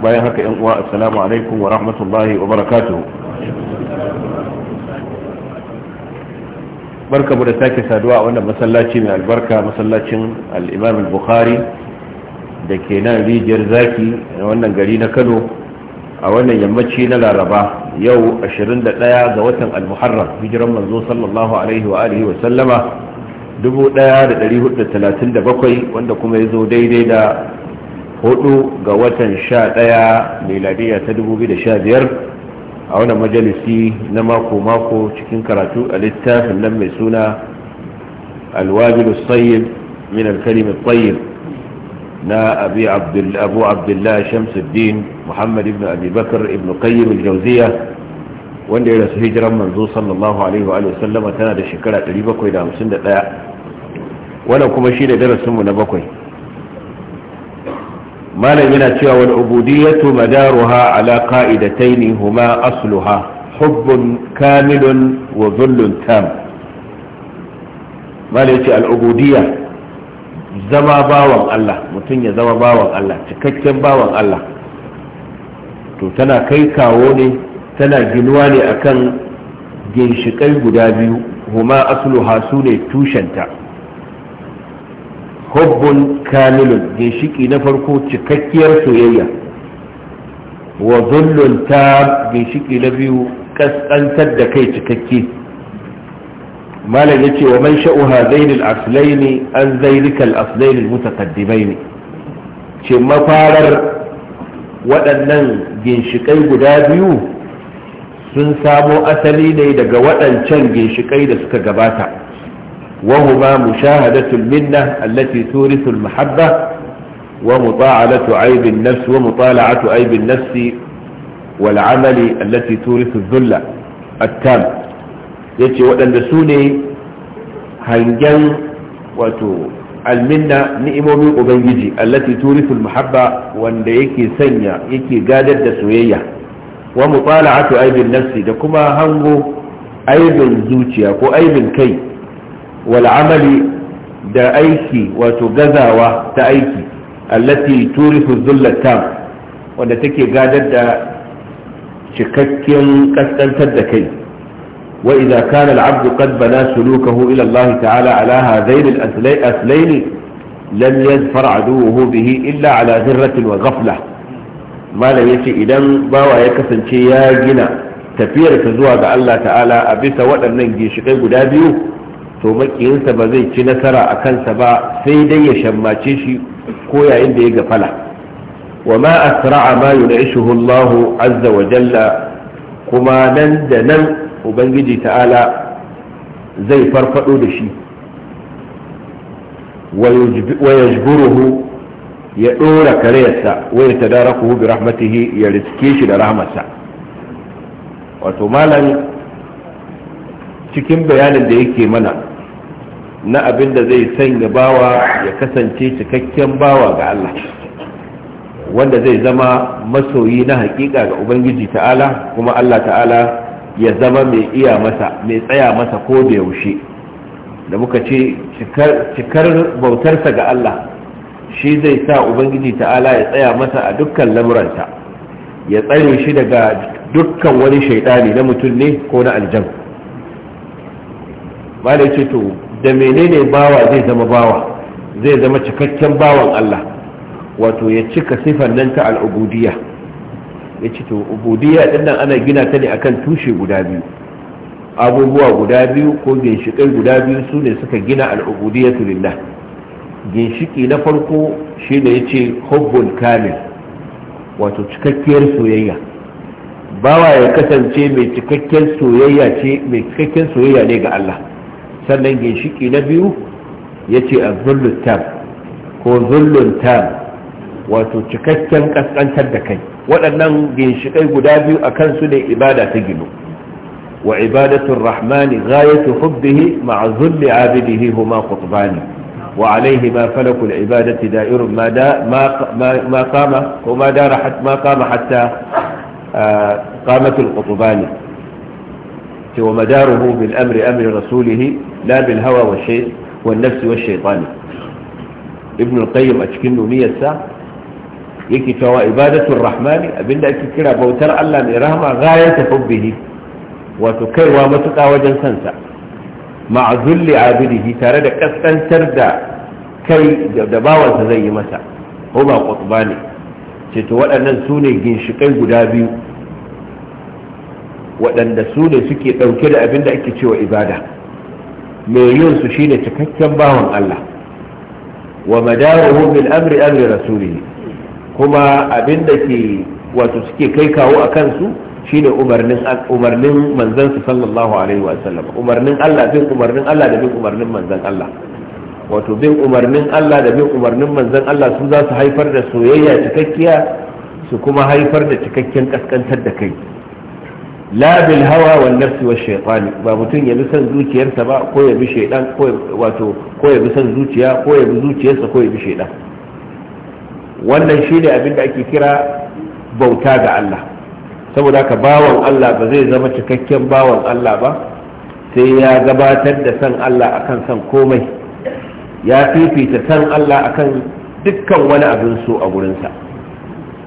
bayan haka yan uwa assalamu alaikum wa rahmatullahi wa barakatu. barka mu da sake saduwa a wannan masallaci mai albarka masallacin al-imam al-bukhari da ke nan rijiyar zaki na wannan gari na kano a wannan yammaci na laraba yau 21 ga watan al-muharram hijiran manzo sallallahu alaihi wa alihi wa sallama 1437 wanda kuma ya zo daidai da hudu ga watan sha daya miladiya ta dubu biyu da sha biyar a wani majalisi na mako-mako cikin karatu a littafin nan mai suna alwajilu tsayin min alkalimin tsayin na abu abdullah shamsuddin muhammad ibn abubakar ibn qayyim al-jauziya wanda ya rasu hijiran manzo sallallahu alaihi wa sallama tana da shekara 751 wannan kuma shi da darasinmu na bakwai malam yana cewa wani ubudiyatu madaruha ala qa'idatayn huma asluha hubbun kamilun wa zullun tam malam yace al zama bawan Allah mutum ya zama bawan Allah cikakken bawan Allah to tana kai kawo ne tana ginuwa ne akan ginshiƙai guda biyu huma asluha sune tushenta hubbun kamilun ginshiki na farko cikakkiyar soyayya wa zullun ta ginshiki na biyu kaskantar da kai cikakke malam yace wa man sha'u ha al-aslaini an zainikal aslaini mutakaddimai ne. ce mafarar waɗannan ginshiƙai guda biyu sun samo asali ne daga waɗancan ginshiƙai da suka gabata وهما مشاهدة المنة التي تورث المحبة ومطاعلة عيب النفس ومطالعة عيب النفس والعمل التي تورث الذلة التام يتي وأن سوني هنجن وتو المنة نئمومي أبنجي التي تورث المحبة وأن يكي سنة يكي قادر سوية ومطالعة عيب النفس دكما هنغو aibin zuciya ko aibin kai wal'amali da aiki wato gazawa ta aiki allati turifu zullatan wanda take gadar da cikakken kaskantar da kai wa idza kana al'abdu qad bana sulukahu ila Allah ta'ala ala hadain al-aslayn lam yadfar aduhu bihi illa ala zirratin wa ghafla malam yace idan bawa ya kasance ya gina tafiyar ta zuwa ga Allah ta'ala a bisa waɗannan ginshikai guda biyu to makiyinsa ba zai ci nasara a kansa ba sai dai ya shammace shi ko yayin da ya gafala wa ma asra'a ma yunaishuhu Allahu azza wa jalla kuma nan da nan ubangiji ta'ala zai farfado da shi wa yajburuhu ya dora karyarsa wa ya tadarakuhu bi rahmatihi ya riske shi da rahmarsa wato malam cikin bayanin da yake mana na abin da zai sanya bawa ya kasance cikakken bawa ga Allah wanda zai zama masoyi na hakika ga ubangiji ta'ala kuma Allah ta'ala ya zama mai iya masa mai tsaya masa ko da yaushe da muka ce cikar bautarsa ga Allah shi zai sa ubangiji ta'ala ya tsaya masa a dukkan lamuranta ya tsare shi daga dukkan wani shaidani na mutum ne ko na aljan ba da ce to da menene bawa zai zama bawa zai zama cikakken bawan Allah wato ya cika sifar nan ta al'ubudiyya ya ce to ubudiyya din nan ana gina ta ne akan tushe guda biyu abubuwa guda biyu ko ginshiƙai guda biyu su ne suka gina al'ubudiyyatu lillah ginshiki na farko shi ne ya ce hubbul kamil wato cikakkiyar soyayya bawa ya kasance mai cikakken soyayya ce mai cikakken soyayya ne ga Allah sannan ginshiki na biyu ya ce a zullun tam ko zullun tam wato cikakken kaskantar da kai waɗannan ginshikai guda biyu a kansu ne ibada ta gino wa ibadatun rahmani ghayatu hubbihi ma'a zulli abidihi huma qutbani wa alaihi ma falakul ibadati da'irun ma da ma qama ko ma dara hat ma qama hatta qamatul qutbani wa madaruhu bil amri amri rasulihi la bil hawa wa shay wa nafsi wa shaytani ibn al-qayyim a cikin numiyarsa yake cewa ibadatul rahmani abinda ake kira bautar Allah mai rahama ghayata hubbihi wato kaiwa matuka wajen sansa ma'azulli abidihi tare da kaskantar da kai da bawansa zai yi masa ko ba kwatsuba ne ce waɗannan su ne ginshiƙai guda biyu waɗanda su ne suke ɗauke da abin da ake cewa ibada mai yin su shine cikakken bawan Allah wa madaruhu bil amri amri rasulihi kuma abinda ke wato suke kai kawo a kansu shine umarnin umarnin manzon su sallallahu alaihi wa sallam umarnin Allah bin umarnin Allah da bin umarnin manzon Allah wato bin umarnin Allah da bin umarnin manzon Allah su za su haifar da soyayya cikakkiya su kuma haifar da cikakken kaskantar da kai la hawa wal nafsi wa shaytan ba mutum ya bi san zuciyarsa ba ko ya bi shaydan ko wato ko ya bi san zuciya ko ya bi zuciyarsa ko ya bi shaydan wannan shi ne abin da ake kira bauta ga Allah saboda haka bawan Allah ba zai zama cikakken bawan Allah ba sai ya gabatar da san Allah akan san komai ya fifita san Allah akan dukkan wani abin so a gurinsa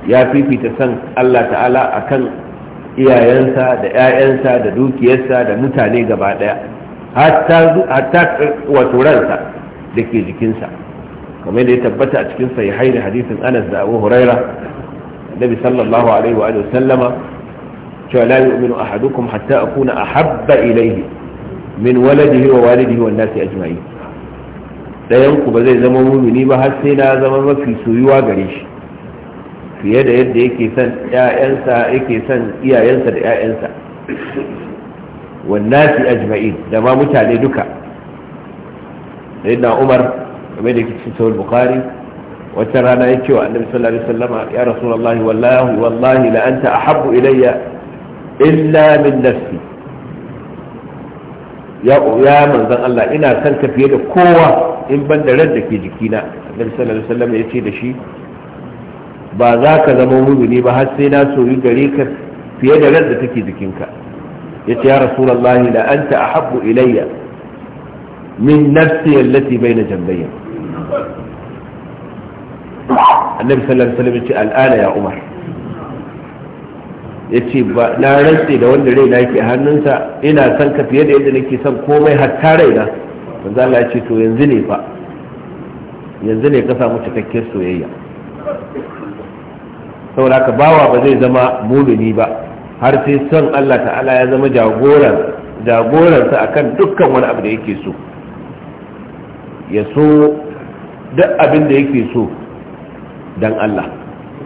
ya fifita san Allah ta'ala akan iyayensa da 'ya'yansa da dukiyarsa da mutane gaba ɗaya hatta wato ransa da ke jikinsa kamar da ya tabbata a cikin sahihai da hadisin anas da abu huraira annabi sallallahu alaihi wa sallama cewa la yu'minu ahadukum hatta akuna ahabba ilayhi min waladihi wa walidihi wan nasi ajma'in dayan ku ba zai zama mumini ba har sai na zama mafi soyuwa gare shi fiye da yadda yake son ƴaƴansa yake son iyayensa da ƴaƴansa wannasi ajma'in da ma mutane duka da sayyidina Umar game da yake cikin sahih Bukhari wata rana ya cewa wa annabi sallallahu alaihi wasallama ya rasulullahi wallahi wallahi la anta ahabbu ilayya illa min nafsi ya ya manzon Allah ina son ka fiye da kowa in ban da ran da ke jikina annabi sallallahu alaihi wasallama ya ce da shi ba za ka zama mumini ba har sai na soyi gare ka fiye da ran da take jikinka ya ce ya rasulallahi la anta ahabbu ilayya min nafsi allati baina jambayya annabi sallallahu alaihi wasallam ya ce al'ana ya umar ya ce ba na rantse da wanda raina yake hannunsa ina son ka fiye da yadda nake son komai hatta raina manzo Allah ya ce to yanzu ne fa yanzu ne ka samu cikakkiyar soyayya saboda ka bawa ba zai zama mumini ba har sai son Allah ta'ala ya zama jagoran jagoransa akan dukkan wani abu da yake so ya so duk abin da yake so dan Allah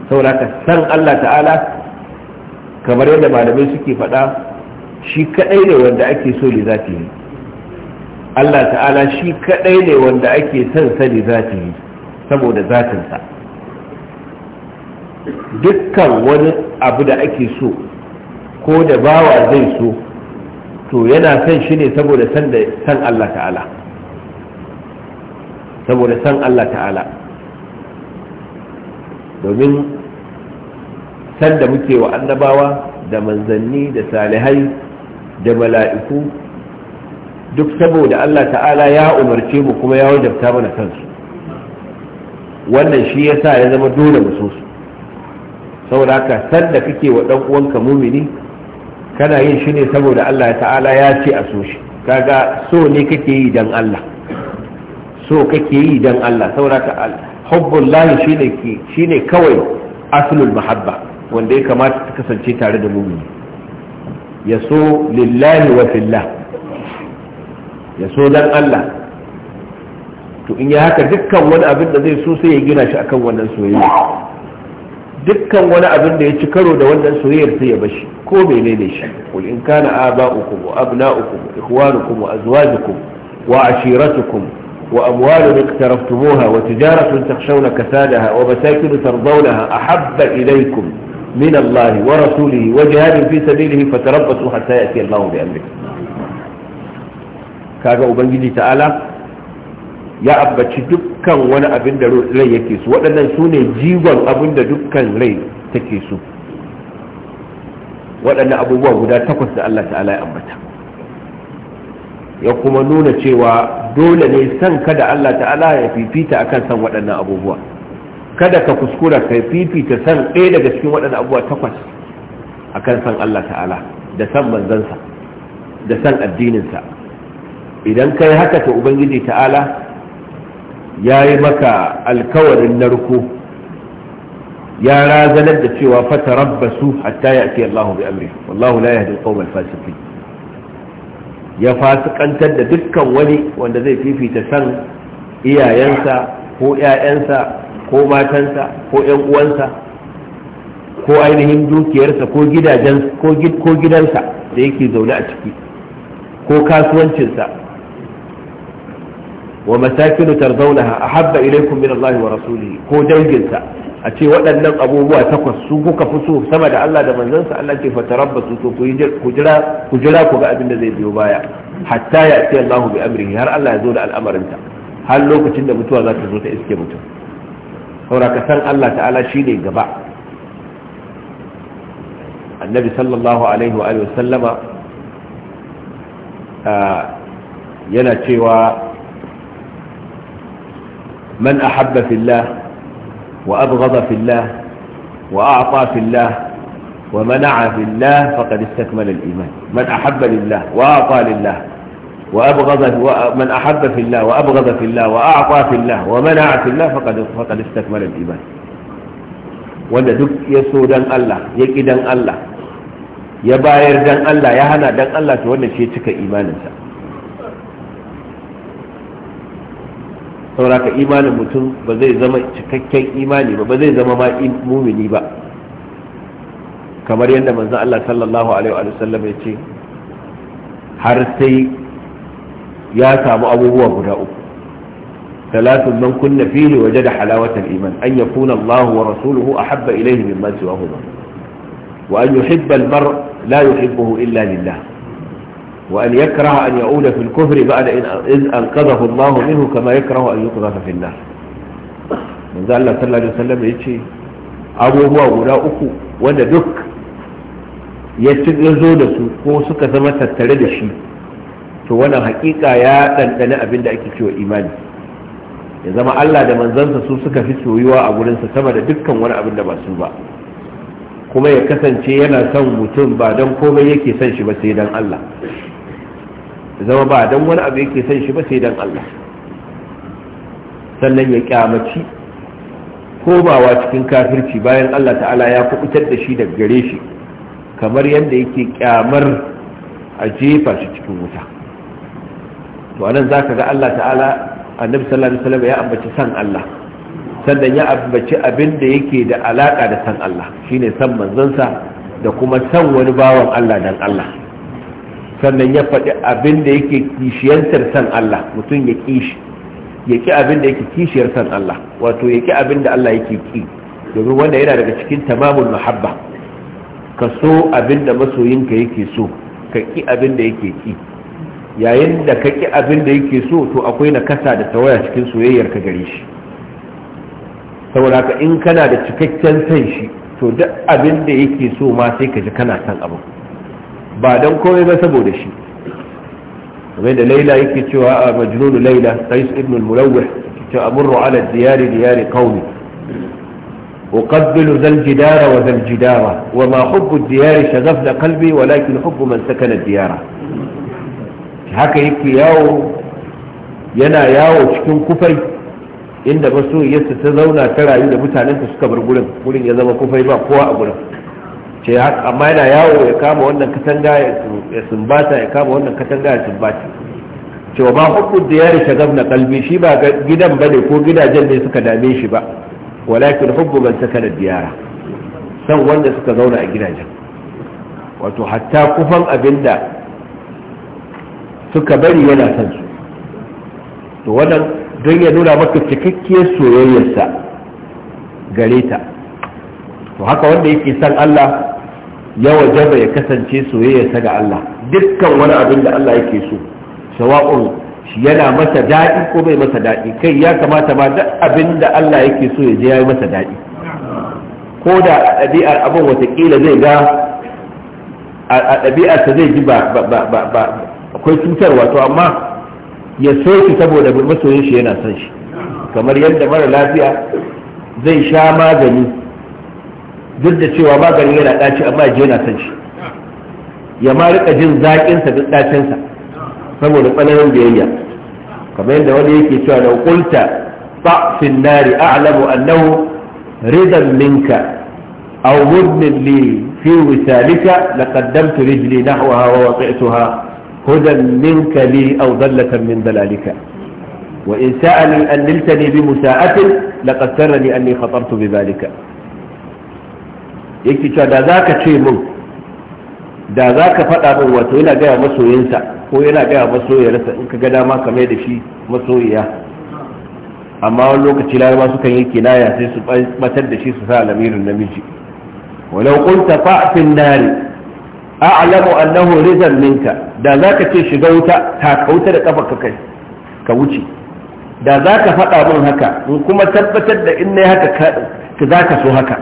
saboda ka san Allah ta'ala kamar yadda malamai suke faɗa shi kadai ne wanda ake so li zatihi Allah ta'ala shi kadai ne wanda ake son sa li zatihi saboda zatinsa dukkan wani abu da ake so ko da bawa zai so to yana san shi ne saboda san Allah ta'ala saboda san Allah ta'ala domin san da muke wa annabawa da manzanni da salihai da mala'iku duk saboda Allah ta'ala ya umarce mu kuma ya wajabta mana kansu wannan shi yasa ya zama dole mu so su saboda haka sanda kake wa dan uwanka mumini kana yin shi ne saboda Allah ta'ala ya ce a so shi kaga so ne kake yi dan Allah so kake yi dan Allah saboda ka hubbullahi shine ki shine kawai aslul mahabba wanda ya kamata ta kasance tare da mumini ya so lillahi wa fillah ya so dan Allah to in ya haka dukkan wani abin da zai so sai ya gina shi akan wannan soyayya dukkan wani abin da ya ci karo da wannan soyayyar sai ya bashi ko menene shi kul in kana aba'ukum wa abna'ukum wa ikhwanukum wa azwajukum wa ashiratukum wa amwalun iqtaraftumuha wa tijaratun takhshawna kasadaha wa masakin tardawnaha ahabba ilaykum min Allah wa rasulihi wa jihadin fi sabilihi fatarabbasu hatta ya'ti Allah bi amrihi kaga ubangiji ta'ala ya abbaci dukkan wani abin da rai yake su waɗannan su ne jigon abin da dukkan rai take su waɗannan abubuwa guda takwas da Allah ta'ala ya ambata ya kuma nuna cewa dole ne san kada Allah ta'ala ya fifita akan san waɗannan abubuwa kada ka kuskura ka fifita san ɗaya daga cikin waɗannan abubuwa takwas akan san Allah ta'ala da san manzansa da san addininsa idan kai haka ta ubangiji ta'ala ya yi maka alkawarin narko ya razanar da cewa fata rabbasu hatta ya ake Allahu bi amri wallahu la yahdi al-qawm al-fasiqin ya fasikantar da dukkan wani wanda zai fifita san iyayensa ko ƴaƴansa ko matansa ko ƴan uwansa ko ainihin dukiyarsa ko gidajen ko gidansa da yake zaune a ciki ko kasuwancinsa wa masakinu tarzaunaha ahabba ilaykum min Allah wa rasulihi ko danginsa a ce waɗannan abubuwa takwas su kuka fi so sama da Allah da manzansa Allah ce fa tarabbasu to ku jira ku ga abin da zai biyo baya hatta ya ce Allah bi har Allah ya zo da al'amarinta har lokacin da mutuwa zata zo ta iske mutum saboda ka san Allah ta'ala shine gaba annabi sallallahu alaihi wa sallama yana cewa من أحب في الله وأبغض في الله وأعطى في الله ومنع في الله فقد استكمل الإيمان من أحب لله وأعطى لله وأبغض من أحب في الله وأبغض في الله وأعطى في الله ومنع في الله فقد فقد استكمل الإيمان wanda duk ya so dan Allah ya ki dan Allah ya bayar dan Allah ya hana dan Allah to wannan ce cika imaninsa sauraka imanin mutum ba zai zama cikakken imani ba ba zai zama ma mumini ba kamar yadda manzan Allah sallallahu Alaihi sallam ya ce har sai ya samu abubuwan guda uku talatin man kunna fihi waje da halawatan iman an ya kuna Allah wa rasuluhu a habba ilaihi min majiwa wa an yuhibba al-mar la yuhibbuhu illa lillah وأن يكره أن يعود في الكفر بعد إذ أنقذه الله منه كما يكره أن يقذف في النار من ذا الله صلى الله عليه وسلم يتشي abubuwa guda uku wanda duk ya zo da su ko suka zama tattare da shi to wannan hakika ya ɗanɗani abin da ake cewa imani ya zama Allah da manzansa su suka fi soyuwa a wurinsa sama da dukkan wani abin da ba su ba kuma ya kasance yana son mutum ba don komai yake son shi ba sai don Allah zama ba don wani abu yake son shi ba sai don Allah sannan ya kyamaci komawa cikin kafirci bayan Allah ta'ala ya kubutar da shi daga gare shi kamar yadda yake kyamar a jefa shi cikin wuta to anan za ka ga Allah ta'ala annabi sallallahu alaihi wasallam ya ambaci san Allah sannan ya ambaci abin da yake da alaka da san Allah shine san manzansa da kuma san wani bawan Allah dan Allah sannan ya faɗi abin da yake kishiyantar san Allah mutum ya kishi ya ki abin da yake kishiyar san Allah wato ya ki abin da Allah yake ki domin wanda yana daga cikin tamamun muhabba ka so abin da masoyinka yake so ka ki abin da yake ki yayin da ka ki abin da yake so to akwai na kasa da tawaya cikin soyayyar ka gare shi saboda ka in kana da cikakken san shi to duk abin da yake so ma sai ka ji kana san abu ba don komai ba saboda shi kamar da laila yake cewa a majnunu laila qais ibn al-mulawih cewa amurru ala diyari diyari qaumi أقبل wa الجدار وذا الجدارة وما حب الديار شغفنا قلبي ولكن حب من سكن الديار haka yake yawo yana yawo cikin kufai inda masoyiyarsa ta zauna ta rayu da mutanensa suka bar gurin gurin ya zama kufai ba kowa a gurin ce amma yana yawo ya kama wannan katanga ya sumbata ya kama wannan katanga ya sumbata cewa ma hukun da ya rishe gabna kalbi shi ba gidan ba ne ko gidajen ne suka dame shi ba walakin hukun ban saka da diyara san wanda suka zauna a gidajen wato hatta kufan abinda suka bari yana san su to wannan don ya nuna maka cikakkiyar soyayyarsa gare ta to haka wanda yake son Allah ya wajaba ya kasance soyayyarsa ga Allah dukkan wani abin da Allah yake so shi yana masa daɗi ko bai masa daɗi kai ya kamata ma duk abin da Allah yake so ya je ya yi masa daɗi ko da a ɗabi'ar abin watakila zai ga a ɗabi'arsa zai ji ba akwai cutarwa to amma ya so shi saboda masoyin shi yana son shi kamar yadda mara lafiya zai sha magani duk da cewa maganin yana ɗaci amma ya je yana son shi ya ma rika jin zaƙinsa duk ɗacinsa saboda tsananin biyayya kamar yadda wani yake cewa da kulta fa fin nari a'lamu annahu ridan minka aw mudnin li fi wisalika laqaddamtu rijli nahwaha wa waqa'tuha hudan minka li aw dallatan min dalalika wa in وإن سألني bi musa'atin laqad لقد anni khatartu bi بذلك yake cewa da za ka ce min da za ka faɗa min wato yana gaya masoyinsa ko yana gaya masoyarsa in ka ga dama ka mai da shi masoyiya amma wani lokaci laraba sukan yi kinaya sai su batar da shi su sa lamirin namiji walau kunta fa'fin nari a'lamu annahu rizan minka da zaka ce shiga wuta ta kauta da kafa kai ka wuce da zaka faɗa min haka in kuma tabbatar da in ne haka ka zaka so haka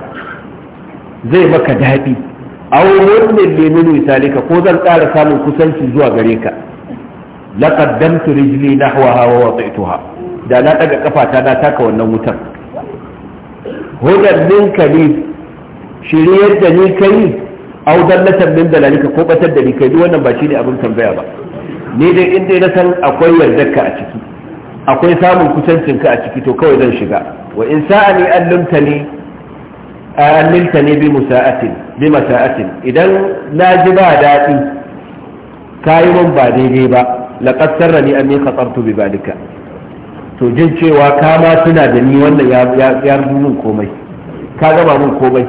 zai maka daɗi Aure wannan lemin misalika ko zan ƙara samun kusanci zuwa gare ka laqad damtu rijli nahwaha wa wadaituha da na daga kafata na taka wannan wutar hudan ka ne shiryar da ni kai na tambayin min lalika ko batar da ni kai duk wannan ba shi ne abin tambaya ba ni dai in dai na san akwai ka a ciki akwai samun kusancinka a ciki to kawai zan shiga wa in sa'ani ni aminta ne bi musa'atin bi masa'atin idan na ji ba daɗi yi mun ba daidai ba laqad sarrani an ka khatartu bi balika to jin cewa ka ma tuna da ni wannan ya ya mun komai ka gama mun komai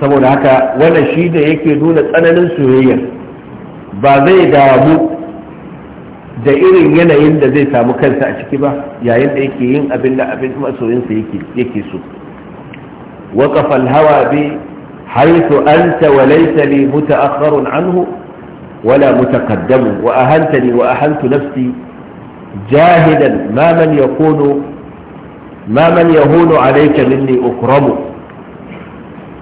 saboda haka wannan shi da yake nuna tsananin soyayya ba zai damu da irin yanayin da zai samu kansa a ciki ba yayin da yake yin abin da abin masoyinsa yake so وقف الهوى بي حيث أنت وليس لي متأخر عنه ولا متقدم وأهنتني وأهنت نفسي جاهدا ما من يكون ما من يهون عليك مني أكرم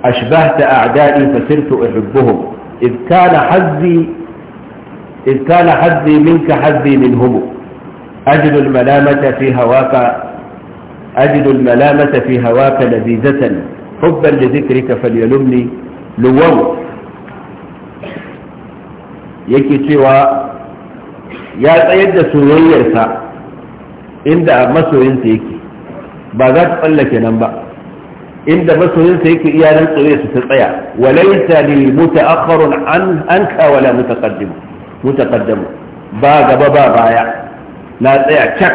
أشبهت أعدائي فصرت أحبهم إذ كان حظي إذ كان حظي منك حظي منهم أجد الملامة في هواك أجد الملامة في هواك لذيذة حبا لذكرك فليلمني لوو yake cewa ya tsayar da soyayyarsa inda masoyinsa yake ba za ta tsallake nan ba inda masoyinsa yake iya nan tsoye su ta tsaya walaita lil muta'akhkharun an mutaqaddamu ba gaba ba baya na tsaya cak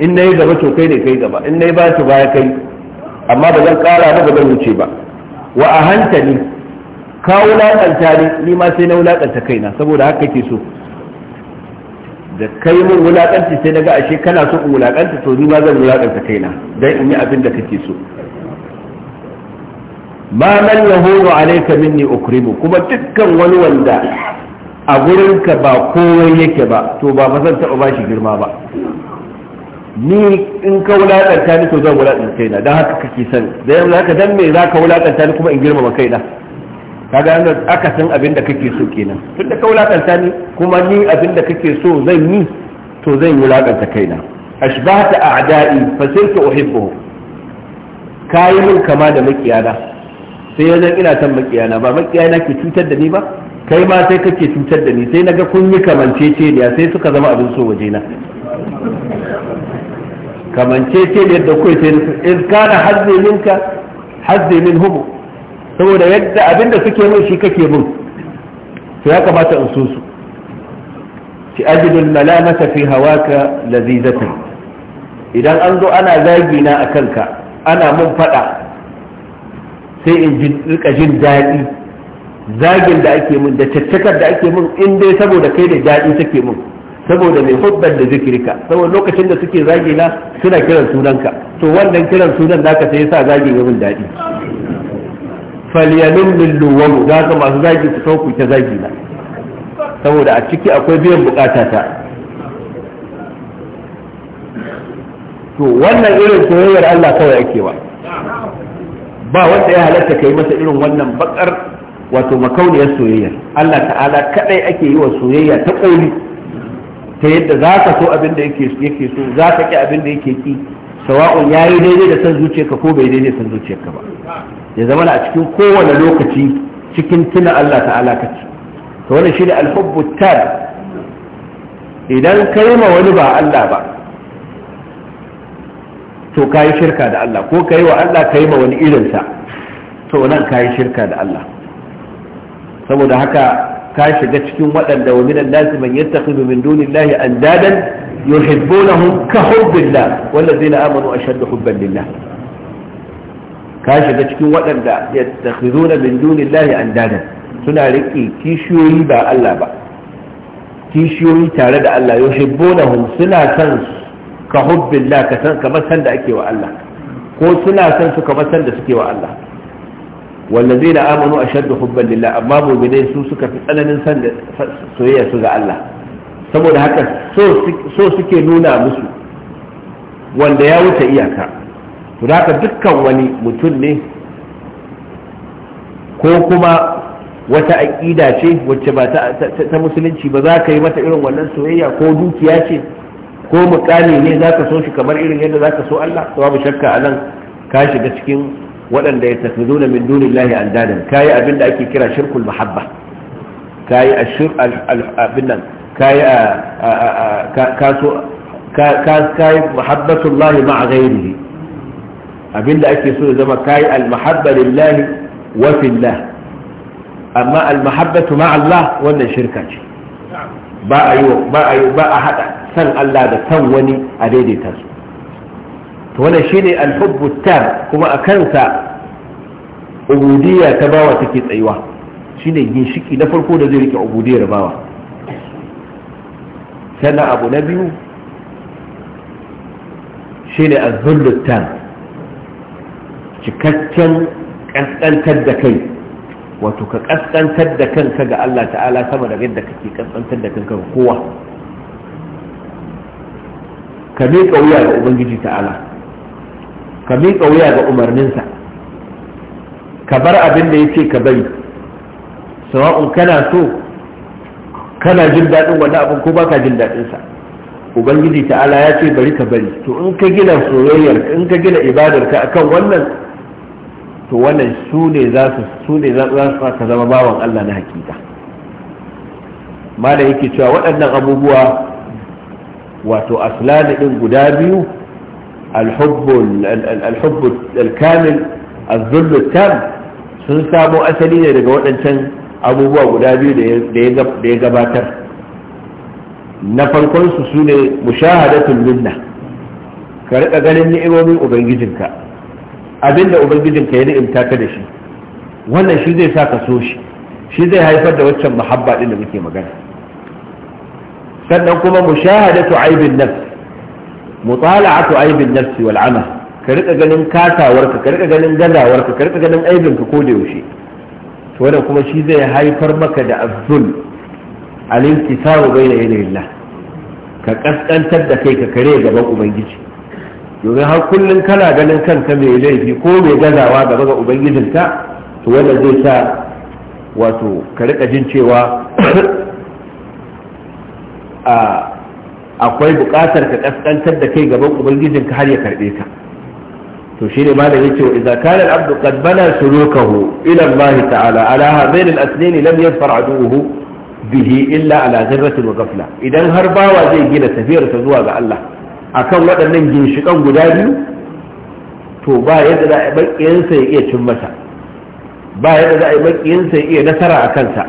in nayi gaba to kai ne kai gaba in nayi ba to baya kai amma ba zan kara ba ba zan wuce ba wa ahanta ni ka wulakanta ni ni ma sai na wulakanta kaina saboda haka kake so da kai mun wulakanci sai na ga ashe kana so in wulakanta to ni ma zan wulakanta kaina dan in yi abin da kake so ma man yahuru alayka minni ukrimu kuma dukkan wani wanda a gurinka ba kowai yake ba to ba ba zan taɓa ba shi girma ba ni in ka wulaƙanta ni to zan wulaƙanta kaina don haka kake san da yanzu haka dan me za ka wulaƙanta ni kuma in girmama kaina kaga an aka san abin da kake so kenan tun da ka wulaƙanta ni kuma ni abin da kake so zan yi to zan wulaƙanta kaina ashbahta a'da'i fa sirtu uhibbuhu kayi min kama da makiyana sai yanzu ina san makiyana ba makiyana ke cutar da ni ba kai ma sai kake cutar da ni sai naga kun yi kamancece kamanceceniya sai suka zama abin so waje na kamancece da yadda kai sai in kana hazze minka hazze min humu saboda yadda abin da suke min shi kake min to ya kamata in so su ci ajidul malamata fi hawaka lazizatun idan an zo ana zagi na akan ka ana mun faɗa sai in rika jin daɗi zagin da ake min da caccakar da ake min in dai saboda kai da daɗi take min saboda mai hubbar da zikirka saboda lokacin da suke zagi na suna kiran sunanka to wannan kiran sunan ka sai sa zagin ya min daɗi falyalum min luwamu za ka masu zagi su sauku ta zagi na saboda a ciki akwai biyan bukata ta to wannan irin soyayyar Allah kawai ake ba ba wanda ya halatta kai masa irin wannan bakar wato makauniyar soyayya Allah ta'ala kadai ake yi wa soyayya ta kauli ta yadda za ka so abin da yake so za ka ki abin da yake ki sawa'un yayi daidai da san zuciyarka ko bai daidai da san zuciyarka ba ya zama a cikin kowane lokaci cikin tuna Allah ta'ala ci to wani shi da alhubbu tab idan kai ma wani ba Allah ba to yi shirka da Allah ko yi wa Allah yi ma wani irinsa to nan kayi shirka da Allah saboda haka ka shiga cikin waɗanda wa minan nasi man yattakhidhu min dunillahi andadan yuhibbunahum ka hubbillah wallazina amanu ashaddu hubban lillah ka shiga cikin waɗanda yattakhidhuna min dunillahi andadan suna riƙe kishiyoyi ba Allah ba kishiyoyi tare da Allah yuhibbunahum suna san ka hubbillah ka san kamar san da ake wa Allah ko suna san su kamar san da suke wa Allah والذين آمنوا أشد حبا لله أما مؤمنين سو suka fi tsananin san soyayya su ga Allah saboda haka so suke nuna musu wanda ya wuce iyaka to haka dukkan wani mutum ne ko kuma wata aƙida ce wacce ba ta musulunci ba za ka yi mata irin wannan soyayya ko dukiya ce ko mukami ne za ka so shi kamar irin yadda za ka so Allah to babu shakka a nan ka shiga cikin waɗanda ya tafi zuna min duni lahi an dadan kayi abin da ake kira shirkul mahabba kayi a shir abin nan kayi a kaso kayi mahabbatun lahi ma'a gairihi abin da ake so ya zama kayi almahabba lillahi wa fillah amma almahabbatu ma Allah wannan shirka ce ba a yi ba a hada san Allah da san wani a daidaita su to wannan shine al-hubbu kuma a kansa ubudiyya ta bawa take tsayuwa shine ginshiki na farko da zai rike ubudiyyar bawa sannan abu na biyu shine az-zullu cikakken kaskantar da kai wato ka kaskantar da kanka ga Allah ta'ala sama da yadda kake kaskantar da kanka ga kowa ka miƙa wuya ga ubangiji ta'ala ka miƙa wuya ga umarninsa ka bar abin da ya ce ka bari sawa'un kana so kana jin daɗin wani abin ko baka jin daɗinsa ubangiji ta'ala ya ce bari ka bari to in ka gina soyayyar in ka gina ibadarka akan wannan to wannan su ne za su su ne za su ka zama bawan Allah na hakika ma da yake cewa waɗannan abubuwa wato aslani ɗin guda biyu الحب الحب الكامل الذل التام sun samo asali ne daga waɗancan abubuwa guda biyu da ya gabatar na farkonsu su ne mushahadatul minna ka riƙa ganin ni'imomin ubangijinka abinda ubangijinka ya ni'imta ka da shi wannan shi zai sa ka so shi shi zai haifar da waccan muhabba din da muke magana sannan kuma mushahadatu aibin nafs mutala'atu aibin nafsi wal amal ka rika ganin katawarka ka rika ganin gadawarka ka rika ganin aibinka ko da yaushe to wannan kuma shi zai haifar maka da azzul al-intisaru bayna yadayillah ka kaskantar da kai ka kare gaban ubangiji domin har kullum kana ganin kanka mai laifi ko mai gazawa gaba ga ubangijinka to wanda zai sa wato ka rika jin cewa a akwai buƙatar ka kaskantar da kai gaban ka har ya karɓe ka to shine malam yace wa idza kana al-abdu qad bana sulukahu ila Allah ta'ala ala hadain al-asnin lam yadfar aduhu bihi illa ala zarratin wa ghafla idan har bawa zai gina tafiyarsa zuwa ga Allah akan waɗannan ginshikan guda biyu to ba yadda za a bakiyarsa ya iya cin masa ba yadda za a bakiyarsa ya iya nasara a kansa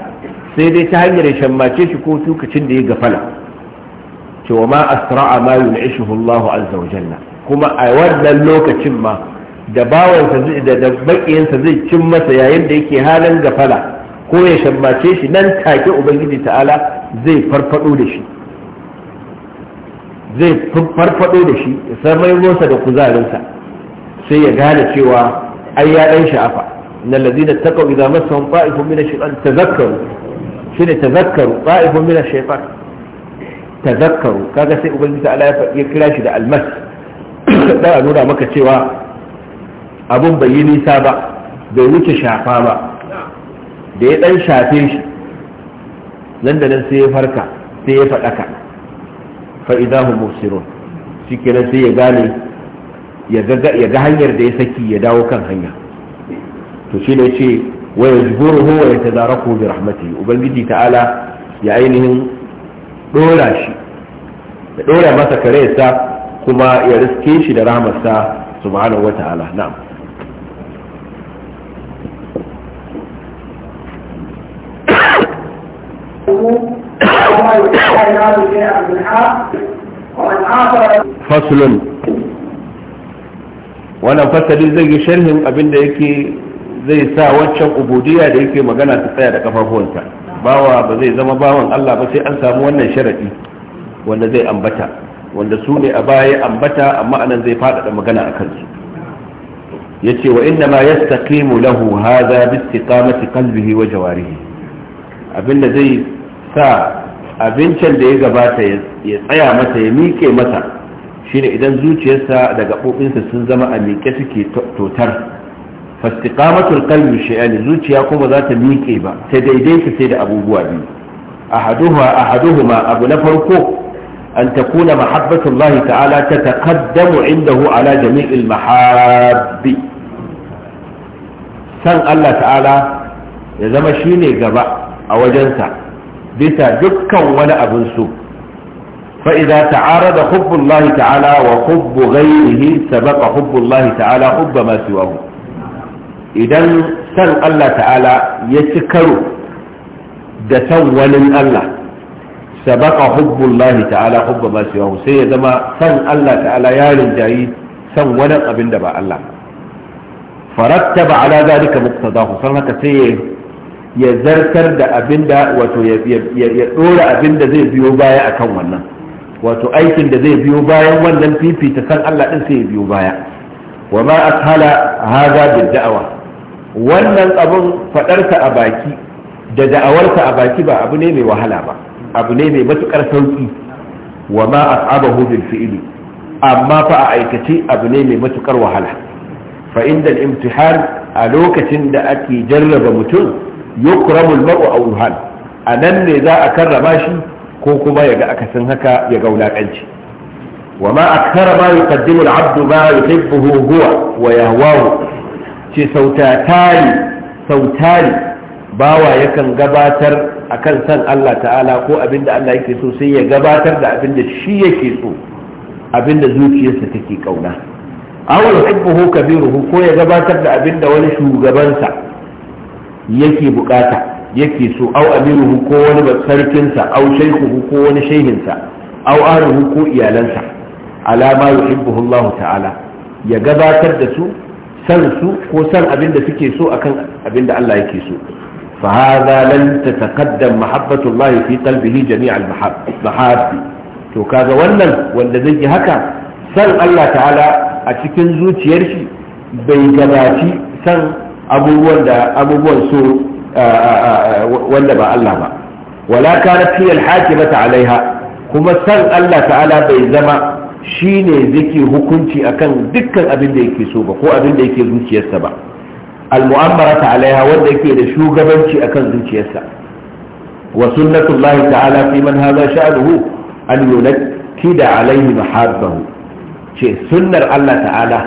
sai dai ta hanyar shammace shi ko tukacin da ya gafala cewa ma asra'a ma yun'ishuhu Allah azza wa jalla kuma a wannan lokacin ma da bawansa zai da da bakiyansa zai cin masa yayin da yake halin gafala ko ya shammace shi nan take ubangiji ta'ala zai farfado da shi zai farfado da shi ya samai masa da kuzarinsa sai ya gane cewa ai ya dan sha'afa na lazina taqaw idza massahum ta'ifun min ash-shaytan tazakkaru shine tazakkaru ta'ifun min ash-shaytan tazakkaru kaga sai ubangiji ta'ala ya kira shi da almas da a nuna maka cewa abun bai yi nisa ba bai wuce shafa ba da ya dan shafe shi nan da nan sai ya farka sai ya faɗaka fa'idahu musirun shi kenan sai ya gane ya ga hanyar da ya saki ya dawo kan hanya to shi ne ce wa ya jiburu wa ya ko bi rahmatihi ubangiji ta'ala ya ainihin dora shi ya dora masa sa kuma ya riske shi da ramarsa, subhanahu wata'ala na'am fasulun wannan fasalin zai yi sharhin abinda yake zai sa waccan ubudiya da yake magana ta tsaya da kafafuwansa bawa ba zai zama bawan Allah ba sai an samu wannan sharadi wanda zai ambata wanda su ne a baya ambata amma anan zai faɗaɗa magana a kansu yace wa inda ma yastaqimu lahu hadha bi istiqamati qalbihi wa jawarihi abinda zai sa abincin da ya gabata ya tsaya masa ya miƙe masa shine idan zuciyarsa da gaɓoɓinsa sun zama a miƙe suke totar fastiqamatul kalbi shay'an zuciya kuma za ta miƙe ba ta daidaita sai da abubuwa biyu ahaduha ahaduhuma abu na farko an takuna mahabbatullah ta'ala ta taqaddamu indahu ala jami'il mahabbi san Allah ta'ala ya zama shine gaba a wajensa bisa dukkan wani abin so فإذا تعارض حب الله تعالى وحب غيره سبق حب الله تعالى حب ما سواه idan san Allah ta'ala ya ci karo da san wani Allah sabaka hubbullahi ta'ala hubba ma siwahu sai ya zama san Allah ta'ala ya rinjayi san wani abin da ba Allah farattaba ala zalika muqtadahu san haka sai ya zartar da abin da wato ya dora abin da zai biyo baya akan wannan wato aikin da zai biyo bayan wannan fifita san Allah din sai ya biyo baya wa ma ashala hada bil da'wa wannan abun faɗarsa a baki da da'awarsa a baki ba abu ne mai wahala ba abu ne mai matuƙar sauki wa ma as'abahu bil fi'li amma fa a aikace abu ne mai matukar wahala fa inda al a lokacin da ake jarraba mutum yukramu al-mar'u wuhan, a nan ne za a karrama shi ko kuma yaga akasin haka ya ga wulakanci wa ma akthara ma yuqaddimu al-'abdu ma yuhibbuhu huwa wa yahwahu ce sautari bawa yakan gabatar akan san Allah ta'ala ko abinda Allah yake so sai ya gabatar da abinda shi yake so abinda zuciyarsa take kauna awal hibbuhu kabiruhu ko ya gabatar da abinda wani shugabansa yake bukata yake so au amiruhu ko wani sarkinsa au shaikuhu ko wani shehinsa au aruhu ko iyalansa alama yuhibbuhu Allah ta'ala ya gabatar da su san su ko san abin da suke so akan abin da Allah yake so fa hadha lan tataqaddam mahabbatu fi qalbihi jami' al to kaga wannan wanda zai yi haka san Allah ta'ala a cikin zuciyar shi bai gabaci san abubuwan da abubuwan so wanda ba Allah ba wala kanat hiya al hakimata alaiha kuma san Allah ta'ala bai zama shi ne zai hukunci akan dukkan abin da yake so ba ko abin da yake zuciyarsa ba al-mu'ammara alaiha wanda yake da shugabanci akan zuciyarsa wa sunnatullahi ta'ala fi man hadha sha'nuhu an yunakkida alaihi mahabbahu ce sunnar Allah ta'ala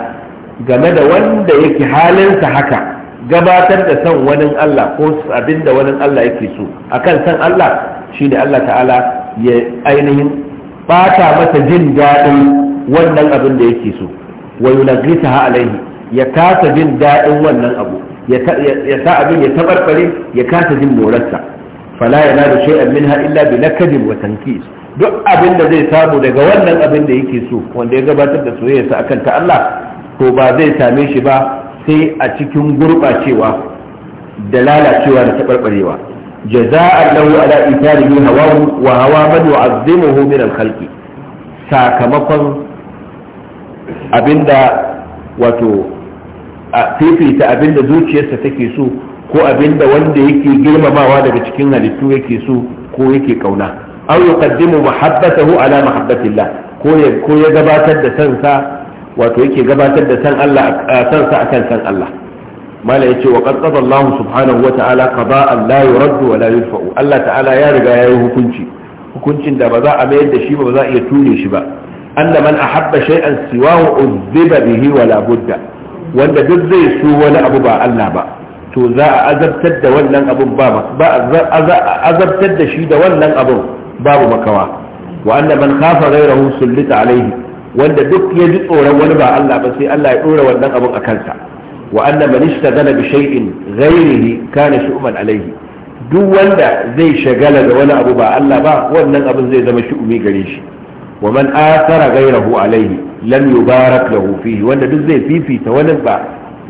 game da wanda yake halinsa haka gabatar da san wani Allah ko abin da wani Allah yake so akan san Allah shi ne Allah ta'ala ya ainihin bata masa jin daɗin wannan abin da yake so wa ha alaihi ya kasa jin daɗin wannan abu ya sa abin ya tabarbare ya kasa jin morarsa fala yanalu shay'an minha illa bi nakdin wa tankis duk abin da zai samu daga wannan abin da yake so wanda ya gabatar da soyayyarsa akan ta Allah to ba zai same shi ba sai a cikin gurbacewa da lalacewa da tabarbarewa jaza'an lahu ala itarihi wa hawa man yu'azzimuhu min al-khalqi sakamakon abinda wato a fifita abinda zuciyarsa take so ko abinda wanda yake girmamawa daga cikin halittu yake so ko yake kauna aw yuqaddimu mahabbatahu ala ko ya gabatar da sansa akan san Allah mala yace wa qad qada Allah subhanahu wa ta'ala qada'an la yuraddu wa la yudfa'u Allah ta'ala ya riga yayi hukunci hukuncin da ba za a mayar da shi ba ba za a iya ture shi ba anna man ahabba shay'an siwahu uzziba bihi wa la budda wanda duk zai so wani abu ba Allah ba to za a azabtar da wannan abun ba ba azabtar da shi da wannan abun babu makawa wa anna man khafa ghayrahu sullita alayhi wanda duk ya ji tsoron wani ba Allah ba sai Allah ya dora wannan abun a kansa wa anna man ishtaghala bi shay'in ghayrihi kana shu'man alayhi duk wanda zai shagala da wani abu ba Allah ba wannan abin zai zama shu'umi gare shi wa man athara ghayrahu alayhi lam yubarak lahu fihi wanda duk zai fifita wani ba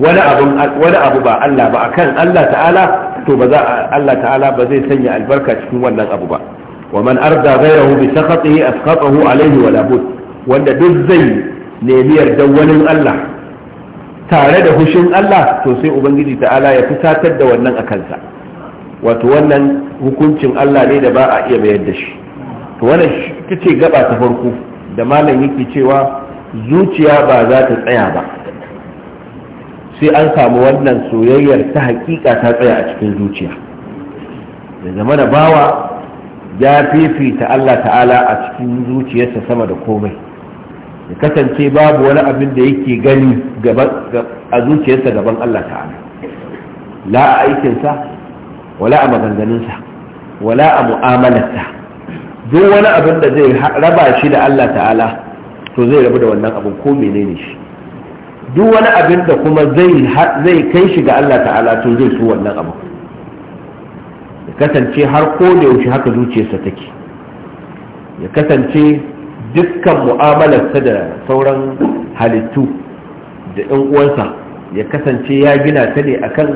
wani abu wani abu ba Allah ba akan Allah ta'ala to ba za Allah ta'ala ba zai sanya albarka cikin wannan abu ba wa man arda ghayrahu bi sakhatihi asqatahu alayhi wa labud wanda duk zai nemi yardan wani Allah tare da hushin Allah to sai ubangiji ta'ala ya fusatar da wannan a kansa wato wannan hukuncin Allah ne da ba a iya bayar da shi to wannan ta ce gaba ta farko da malam yake cewa zuciya ba za ta tsaya ba sai an samu wannan soyayyar ta hakika ta tsaya a cikin zuciya da zama da bawa ya fifita Allah ta'ala a cikin zuciyarsa sama da komai ya kasance babu wani abin da yake gani a zuciyarsa gaban Allah ta'ala la a aikinsa wala a maganganunsa wala a mu'amalarsa duk wani abin da zai raba shi da Allah ta'ala to zai rabu da wannan abin ko menene shi duk wani abin da kuma zai kai shi ga Allah ta'ala to zai su wannan abu ya kasance har ko da yaushe haka zuciyarsa take ya kasance dukkan mu'amalarsa da sauran halittu da ɗan uwansa ya kasance ya gina ta ne akan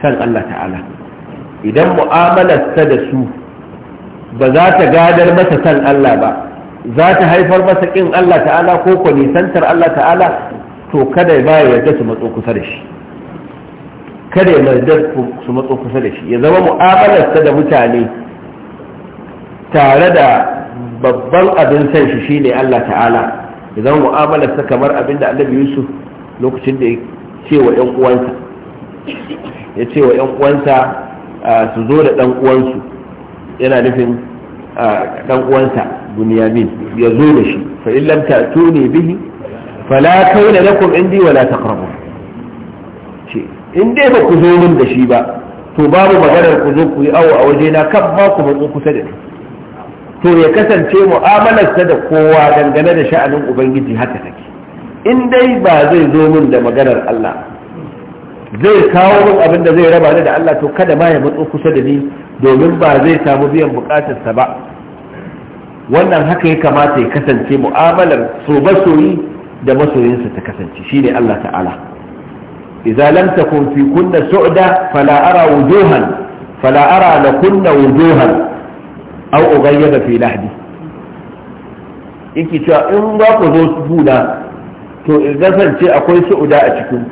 san Allah ta'ala idan mu'amalarsa da su ba za ta gadar masa san Allah ba za ta haifar masa ƙin Allah ta'ala ko ko Allah ta'ala to kada ba ya yarda su matso kusa da shi kada ya yarda su matso kusa da shi ya zama mu'amalarsa da mutane tare da babban abin san shi shine Allah ta'ala idan mu'amalarsa kamar abin da annabi yusuf lokacin da ya ce wa 'yan uwansa ya ce wa 'yan uwansa su zo da ɗan uwansu yana nufin ɗan uwansa bunyamin ya zo da shi fa in lam ta'tuni bihi fala kauna lakum indi wala taqrabu ce in dai ba ku zo min da shi ba to babu maganar ku zo ku yi awo a waje na kan ba ku matsu kusa da ni to ya kasance mu'amalarsa da kowa dangane da sha'anin ubangiji haka take in dai ba zai zo min da maganar Allah zai kawo min abin da zai raba ni da Allah to kada ma ya matso kusa da ni domin ba zai samu biyan bukatarsa ba wannan haka ya kamata ya kasance mu'amalar so masoyi da masoyinsa ta kasance shine Allah ta'ala idza lam takun fi kunna su'da fala ara wujuhan fala ara lakunna wujuhan an ubayya da fi lahdi yake cewa in ba ku zo su buna to in kasance akwai su'uda a cikin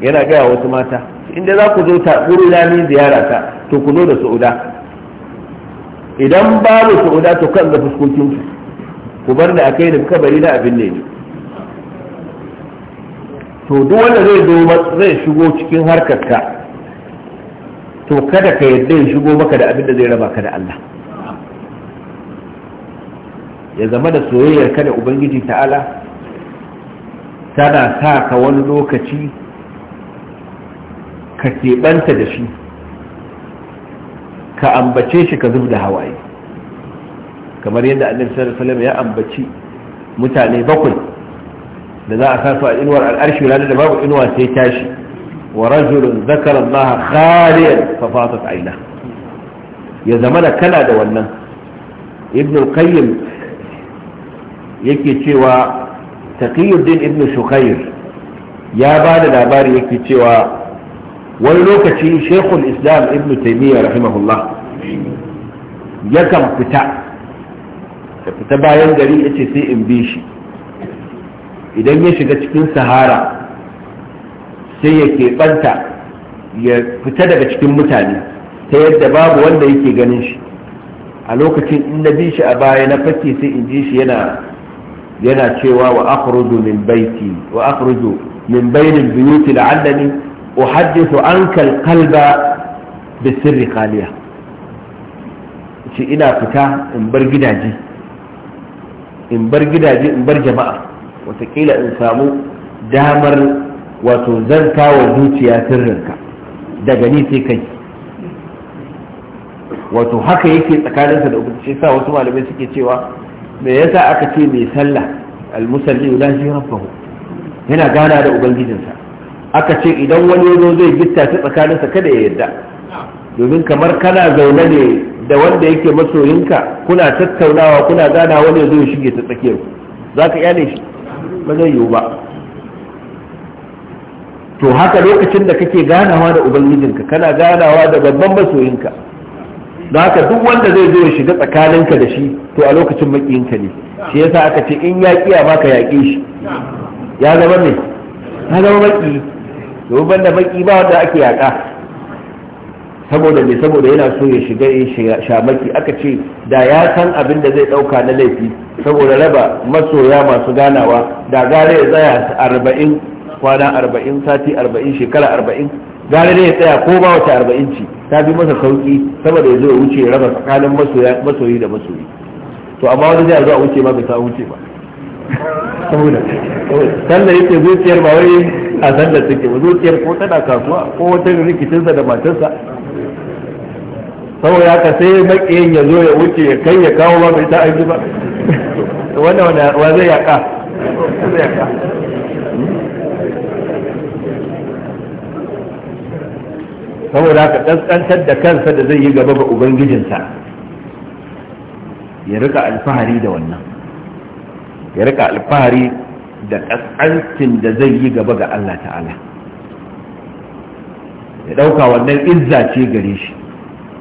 yana gaya wasu mata inda za ku zo ta wuri lami ziyara ta to ku zo da su'uda idan babu su'uda to kan ga fuskokin ku ku bar da akai da kabari da abin ne to duk wanda zai zo zai shigo cikin harkar ka to kada ka yadda ya shigo maka da abin da zai raba ka da Allah ya zama da soyayyar ka da ubangiji ta'ala tana sa ka wani lokaci ka keɓanta da shi ka ambace shi ka zub da hawaye kamar yadda annabi sallallahu ya ambaci mutane bakwai da za a sa a inuwar al'arshi ranar da babu inuwa sai tashi wa rajulun zakara Allah khaliyan fa fatat aina ya zama da kana da wannan ibn qayyim yake cewa taqiyuddin ibn shukair ya ba da labari yake cewa wani lokaci shekul islam ibn taimiyya rahimahullah yakan fita ta fita bayan gari ya ce sai in bi shi idan ya shiga cikin sahara sai ya keɓanta ya fita daga cikin mutane ta yadda babu wanda yake ganin shi a lokacin in na bi shi a baya na fake sai in ji shi yana yana cewa wa akhruju min baiti wa akhruju min bainil buyuti la'allani uhaddithu anka alqalba sirri khaliya ce ina fita in bar gidaje in bar gidaje in bar jama'a watakila in samu damar wato zanta wa zuciya sirrinka daga ni sai kai wato haka yake tsakaninsa da ubangiji sa wasu malamai suke cewa me yasa aka ce mai sallah almusalli yunaji rabbahu yana gana da ubangijinsa aka ce idan wani yazo zai gitta ta tsakaninsa kada ya yarda domin kamar kana zaune ne da wanda yake masoyinka kuna tattaunawa kuna gana wani yazo ya shige ta tsakiyar za ka iyale shi ba zai yiwu ba to haka lokacin da kake ganawa da ubangijinka kana ganawa da babban masoyinka don haka duk wanda zai zo ya shiga tsakaninka da shi to a lokacin makiyinka ne shi yasa aka ce in ya kiya ma ka yaƙe shi ya zama ne ya zama maki domin banda maki ba wanda ake yaƙa saboda me saboda yana so ya shiga ya shamaki aka ce da ya san abin da zai ɗauka na laifi saboda raba masoya masu ganawa da gare ya tsaya arba'in kwana arba'in sati arba'in shekara arba'in gare ne ya tsaya ko ba wata arba'in ci ta bi masa sauki saboda ya zo ya wuce raba tsakanin masoyi da masoyi to amma wani zai zo a wuce ma bai sa wuce ba saboda sallar yake zuciyar ba wai a sallar take ba zuciyar ko tana kasuwa ko wata rikicinsa da matarsa saboda haka sai makiyin ya zo ya wuce ya kai ya kawo ba bai ta aiki ba wannan wa zai yaka zai yaka saboda ka ƙasƙantar da kansa da zai yi gaba ga ubangijinsa ya rika alfahari da wannan ya rika alfahari da kaskancin da zai yi gaba ga Allah ta'ala ya ɗauka wannan izza ce gare shi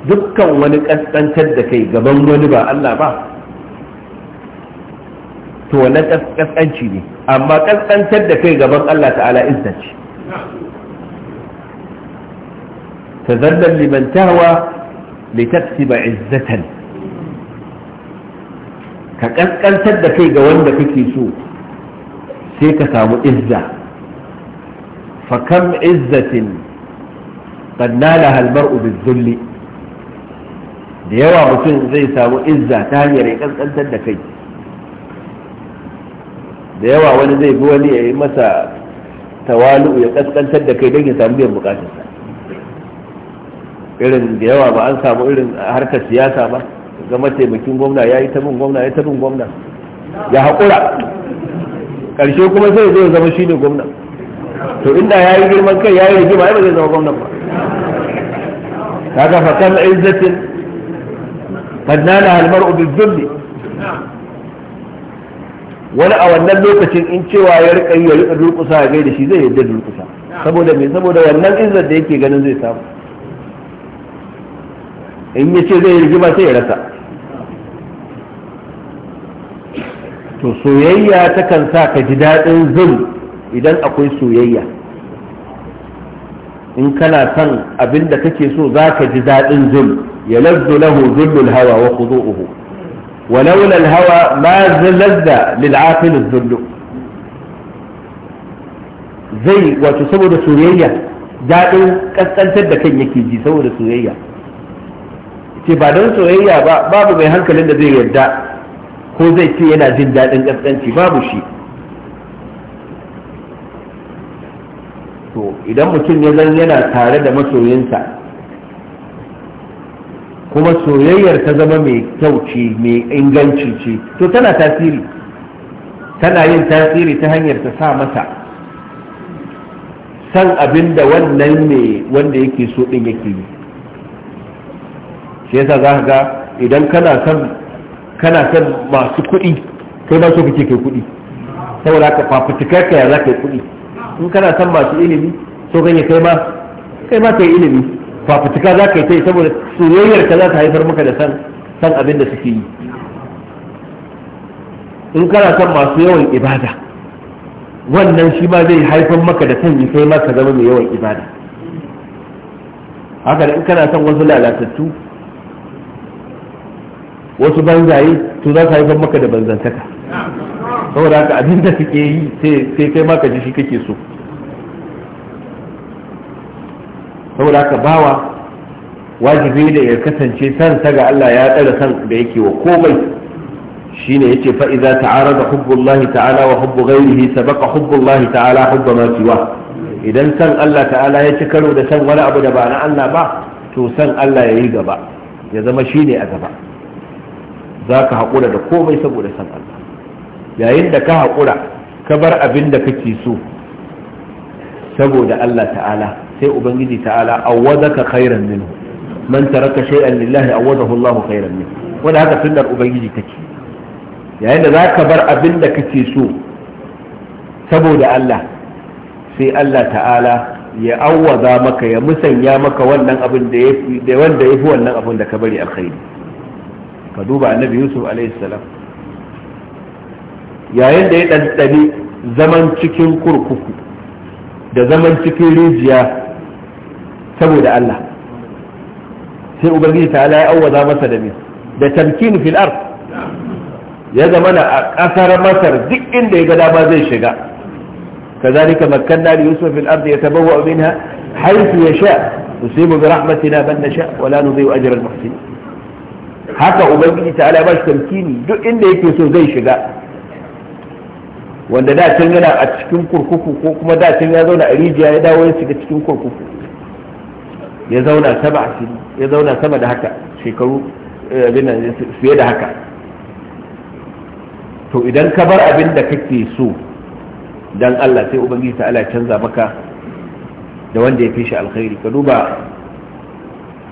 dukkan wani ƙasƙantar da kai gaban wani ba Allah ba to wannan ƙasƙanci ne amma ƙasƙantar da kai gaban Allah ta'ala izza ce تذلل لمن تهوى لتكسب عزة كأن تدكي جوان دكي سوء سيكا سامو إزة فكم عزة قد نالها المرء بالذل da yawa mutum zai samu izza ta hanyar ya kaskantar da kai da yawa wani zai bi wani ya yi masa tawalu ya kaskantar da kai don ya samu biyan bukatarsa irin da yawa ba an samu irin harkar siyasa ba ga mataimakin gwamna ya yi tabin gwamna ya tabin gwamna ya haƙura ƙarshe kuma sai zai zama shi ne gwamna to inda ya yi girman kai ya yi rigi ba zai zama gwamna ba ta kaga fakar izzatin fannana halmar ubin zulli wani a wannan lokacin in cewa ya rika yi ya rika durkusa a gaida shi zai yadda durkusa saboda me saboda wannan izzat da yake ganin zai samu in ya ce zai rigima sai ya rasa to soyayya takan sa ka ji daɗin zin idan akwai soyayya in kana son abin da kake so za ka ji daɗin zul ya lazzu lahu zullul hawa wa khudu'uhu wa laula hawa ma zallazza lil zullu zai wato saboda soyayya daɗin kaskantar da kan yake ji saboda soyayya ce ba don soyayya ba babu mai hankalin da zai yarda ko zai ce yana jin daɗin ƙasƙanci babu shi to idan mutum ya zan yana tare da masoyinsa kuma soyayyar ta zama mai kyau ce mai inganci ce to tana tasiri tana yin tasiri ta hanyar ta sa masa san abin da wannan ne wanda yake so ɗin yake yi shi yasa za ka ga idan kana san masu kuɗi kai ba so kake kai kuɗi saboda ka fafutukar ka ya za ka yi kuɗi in kana san masu ilimi so ganye kai ma kai ma kai ilimi fafutuka za ka yi sai saboda soyayyar ka za ta haifar maka da san san abin da suke yi in kana san masu yawan ibada wannan shi ma zai haifar maka da san yi kai ma ka zama mai yawan ibada haka da in kana san wasu lalatattu wasu banzaye to za su haifar maka da banzantaka saboda haka abin da suke yi sai kai maka ji shi kake so saboda haka bawa wajibi da ya kasance san ta ga Allah ya tsara san da yake wa komai shine yace fa idza ta'arada hubbullahi ta'ala wa hubbu ghayrihi sabaqa hubbullahi ta'ala hubba ma siwa idan san Allah ta'ala ya ci karo da san wani abu da ba na Allah ba to san Allah yayi gaba ya zama shine a gaba za ka haƙura da komai saboda san Allah yayin da ka haƙura ka bar abin da kake so saboda Allah ta'ala sai ubangiji ta'ala awwadaka khairan minhu man taraka shay'an lillahi awwadahu Allahu khairan minhu wanda haka sunnar ubangiji take yayin da zaka bar abin da kake so saboda Allah sai Allah ta'ala ya awwaza maka ya musanya maka wannan abin da yafi da wanda yafi wannan abin da ka bari alkhairi ka duba annabi yusuf salam yayin da ya ɗanɗani zaman cikin kurkuku da zaman cikin rijiya saboda allah sai ubangiji ta ya auwaza masa da da tamkin fil ard ya na a ƙasar masar duk inda ya ga dama zai shiga kazalika yusuf كذلك مكنا ليوسف minha haythu yasha usibu bi rahmatina man برحمتنا wa la nudhi'u ajra al muhsinin haka ubangiji ta'ala ba shi tamkini duk inda yake so zai shiga wanda da can yana a cikin kurkuku ko kuma da can ya zauna a rijiya ya dawo ya shiga cikin kurkuku ya zauna sama a ya zauna sama da haka shekaru eh, fiye da haka to idan ka bar abin da kake so dan Allah sai ubangiji ta ala canza maka da wanda ya fi shi alkhairi ka duba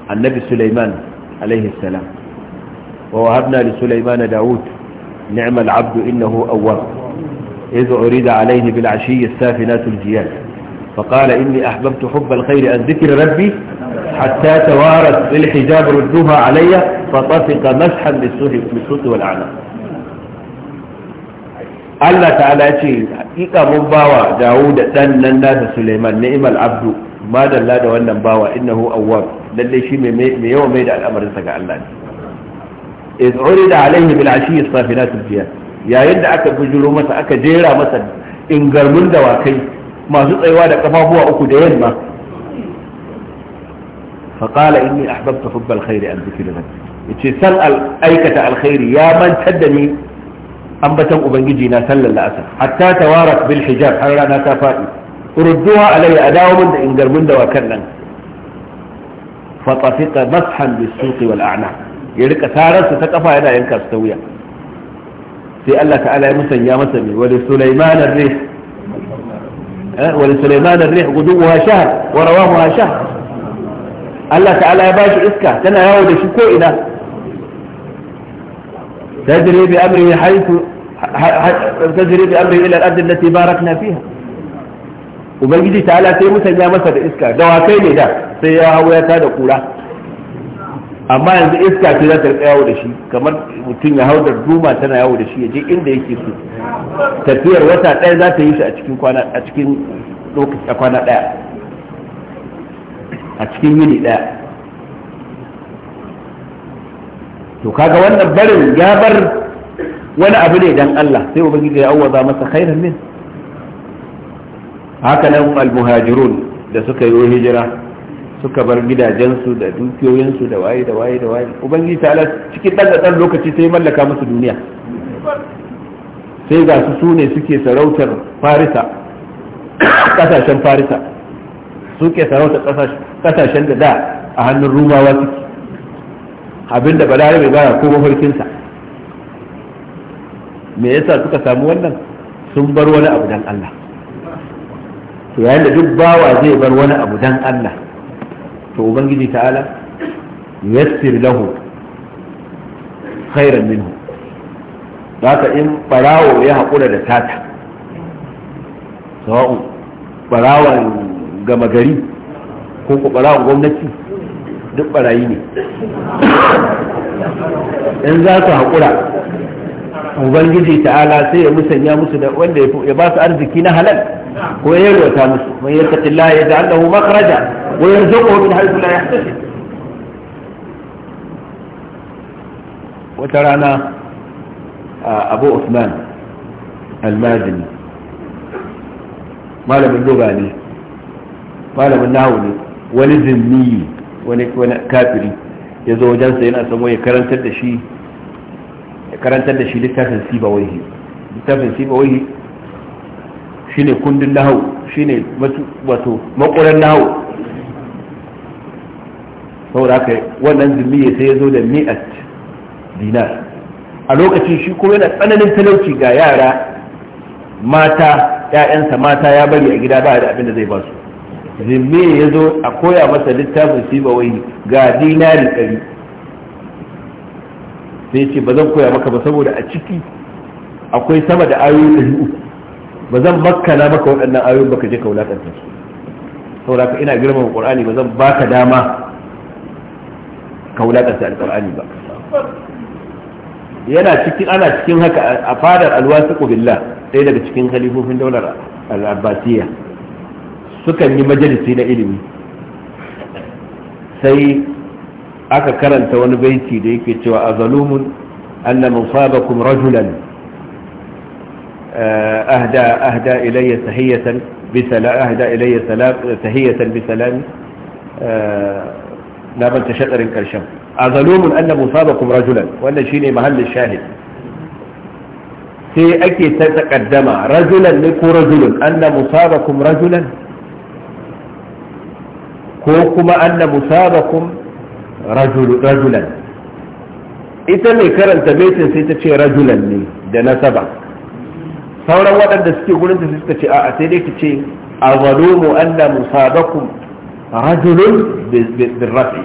annabi Sulaiman alaihi salam ووهبنا لسليمان داود نعم العبد إنه أول إذ أريد عليه بالعشي السافنات الجياد فقال إني أحببت حب الخير أن ذكر ربي حتى توارث بالحجاب ردوها علي فطفق مسحا بالسوط والعنى الله تعالى إيقا مباوى داود تنى الناس سليمان نعم العبد ماذا لا دوانا مباوى إنه أول لليش ميوم ميدع الأمر سكى الله iz urida alaihi bil ashi safinatu jiyad yayin da aka bujuro masa aka jera masa ingarmin dawakai masu tsayuwa da kafafuwa uku da yamma فقال إني أحببت حب الخير عن ذكر ربي yace san aikata alkhairi ya mantar da ni ambaton ubangiji na sallar la'asar hatta tawarat bil hijab har rana ta faɗi urduha alayya a dawo min da ingarmin dawakan nan fa tafiqa mashan bis suqi wal a'naq ya rika tararsa ta kafa yana yanka su ta wuya sai Allah ta'ala ya musanya masa ne wani Sulaiman ar-Rih eh, wani Sulaiman ar-Rih guduwa shahar wa rawahu shahar Allah ta'ala ya bashi iska tana yawo da shi ko ina tajri bi amrihi haythu tajri bi amrihi ila al-ard allati barakna fiha ubangiji ta'ala sai musanya masa da iska dawakai ne da sai ya hawo ya da kura amma yanzu iska ce za ta rika yawo da shi kamar mutum ya hau da duma tana yawo da shi ya je inda yake so tafiyar wata ɗaya za ta yi shi a cikin kwana a cikin kwana ɗaya a cikin yini ɗaya to kaga wannan barin ya bar wani abu ne dan Allah sai ubangiji ya awwaza masa khairan min haka nan al-muhajirun da suka yi hijira suka bar gidajensu da dukiyoyinsu da waye da waye da waye ubangiji ta'ala cikin dan dan lokaci sai mallaka musu duniya sai ga su sune suke sarautar farisa kasashen farisa suke sarautar kasashen da da a hannun rumawa suke abinda bai baya ko mafarkinsa me yasa suka samu wannan sun bar wani abu dan Allah to yayin da duk bawa zai bar wani abu dan Allah to ubangiji ta'ala yassir lahu khairan minhu haka in barawo ya haƙura da tata sawa'un barawon gama gari ko ku barawon gwamnati duk barayi ne in za su haƙura ubangiji ta'ala sai ya musanya musu da wanda ya ba su arziki na halal وإن يتمس وإن يتق الله يجعل له مخرجا ويرزقه من حيث لا يحتسب وترانا آه، أبو عثمان المازني ما من اللغاني ما من الناوني ولذني ولكافري يزوج جنسا هنا سموه يكرن تدشي يكرن تدشي لكافن سيبا ويهي لكافن shine kundin nahau shine wato makuran nahau saboda haka wannan zimmiye sai ya zo da mi'at dinar a lokacin shi kuma yana tsananin talauci ga yara mata ‘ya'yansa mata ya bari a gida ba da abin da zai ba su ya zo a koya masa littafin sibawai ga dinari ɗari sai ce ba zan koya maka ba saboda a ciki akwai sama da ayoyi ɗari uku ba zan makkana maka waɗannan ayoyin baka je ka wulakanta su saboda ka ina girmama qur'ani ba zan baka dama ka wulakanta alqur'ani ba yana cikin ana cikin haka a fadar alwasiqu billah ɗaya daga cikin halifofin daular al-abbasiyya sukan yi majalisi na ilimi sai aka karanta wani baiti da yake cewa azalumun anna musabakum rajulan آه، أهدى أهدى إلي سهية بسلام أهدى إلي سلام سهية بسلام آه، نابل تشقر كرشم أظلوم أن مصابكم رجلا وأن شيني محل الشاهد في أكي تتقدم رجلا لكو رجل أن مصابكم رجلا كوكما أن مصابكم رجل رجلا إذا ما كرنت بيتا رجلا لي دنا سبعة sauran waɗanda suke gurin da suka ce a'a sai dai ki ce a zalumu da musabakum rajulun bil rafi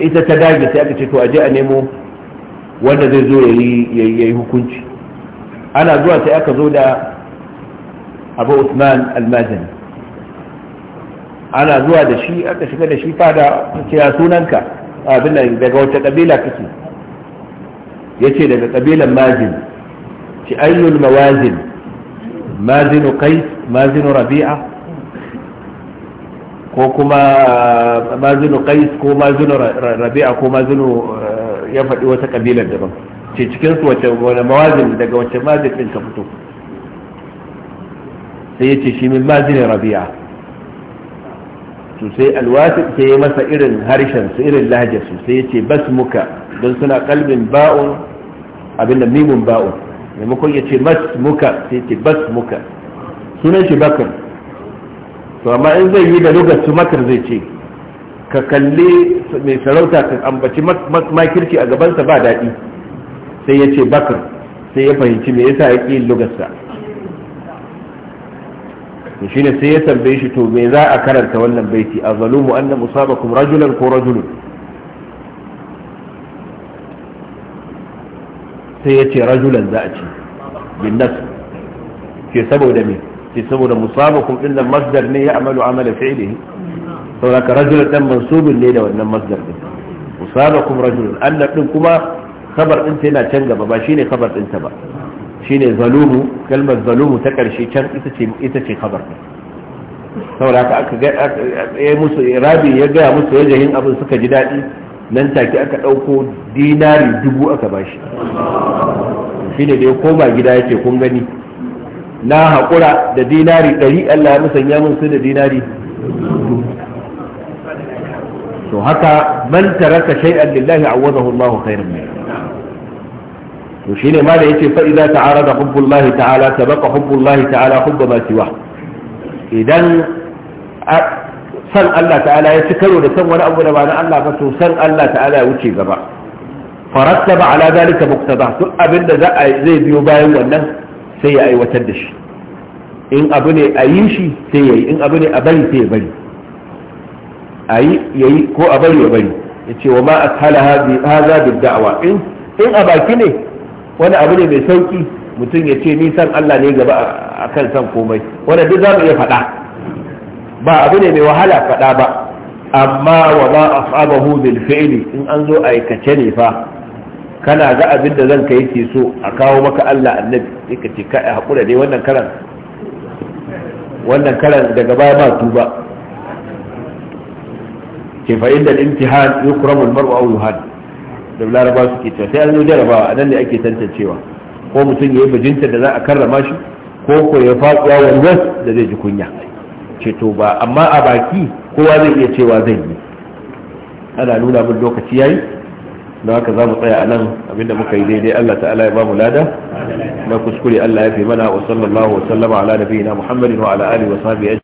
ita ta dage sai aka ce to aje a nemo wanda zai zo ya yi hukunci ana zuwa sai aka zo da abu usman almazani ana zuwa da shi aka shiga da shi fada cewa sunanka abin daga wata kabila kake yace daga kabilan mazin ci ayyul mawazin mazinu qais mazinu rabi'a ko kuma uh, mazinu qais ko mazinu rabi'a ko mazinu uh, ya faɗi wata kabilar daban ce cikin su wace wani mawazin daga wace mazin din ka fito sai yace shi min mazin rabi'a to sai alwasi ke masa irin harshen su irin lahajar su sai yace muka, don suna kalbin ba'un abin da mimun ba'un maimakon yace muka, sai yace basmuka sunan shi bakar to amma in zai yi da lugar su makar zai ce ka kalli mai sarauta ka ambaci makirci a gabansa ba daɗi sai ya ce bakar sai ya fahimci me yasa ya ƙi lugarsa to shine sai ya tambaye shi to me za a karanta wannan baiti a zalumu anna musabakum rajulan ko rajulun sai ya ce rajulan za a ce bin nas ke saboda me ke saboda musabakum din nan masdar ne ya amalu amala fi'lihi saboda ka rajulan dan mansubin ne da wannan masdar din musabakum rajulun anna din kuma khabar din ta yana can gaba ba shine khabar din ta ba Shi ne zalumu kalmar zalumu ta ƙarshe can ita ce khabar ne saboda aka ga musu rabi ya gaya musu wajahin abin suka ji daɗi nan take aka ɗauko dinari dubu aka bashi shine da ya koma gida yake kun gani na haƙura da dinari ɗari Allah ya musanya min su da dinari to haka man taraka shay'an lillahi awwazahu Allahu khairan minhu to shine ma da yace fa idza ta'arada hubbullahi ta'ala tabaqa hubbullahi ta'ala hubba ma siwa idan san Allah ta'ala ya ci karo da san wani abu da ba na Allah ba to san Allah ta'ala ya wuce gaba farattaba ala zalika muqtada duk abin da zai biyo bayan wannan sai ya aiwatar da shi in abu ne a yi shi sai ya yi in abu ne a bari sai ya bari a yi ya yi ko a bari ya bari ya ce wa ma a tala haza bi da'awa in a baki ne wani abu ne mai sauki mutum ya ce ni san Allah ne gaba a kan san komai wanda duk za mu iya faɗa ba abu ne mai wahala faɗa ba amma wa ma asabahu bil fi'li in an zo aikace ne fa kana ga abin da zan kai ke so a kawo maka Allah annabi sai ka ce kai hakura dai wannan karan wannan karan daga baya ba tuba ke fa inda al-imtihan yukramu maru aw yuhad da laraba suke cewa sai an zo jarabawa a nan ne ake tantancewa ko mutum ya yi bajinta da za a karrama shi ko ko ya faɗuwa wanzan da zai ji kunya ce to ba amma a baki kowa zai iya cewa zai yi ana nuna min lokaci yayi don haka za mu tsaya a nan abinda muka yi daidai Allah ta'ala ya ba mu lada na kuskure Allah ya fi mana wa sallallahu wa sallama ala nabiyina Muhammadin wa ala alihi wa sahbihi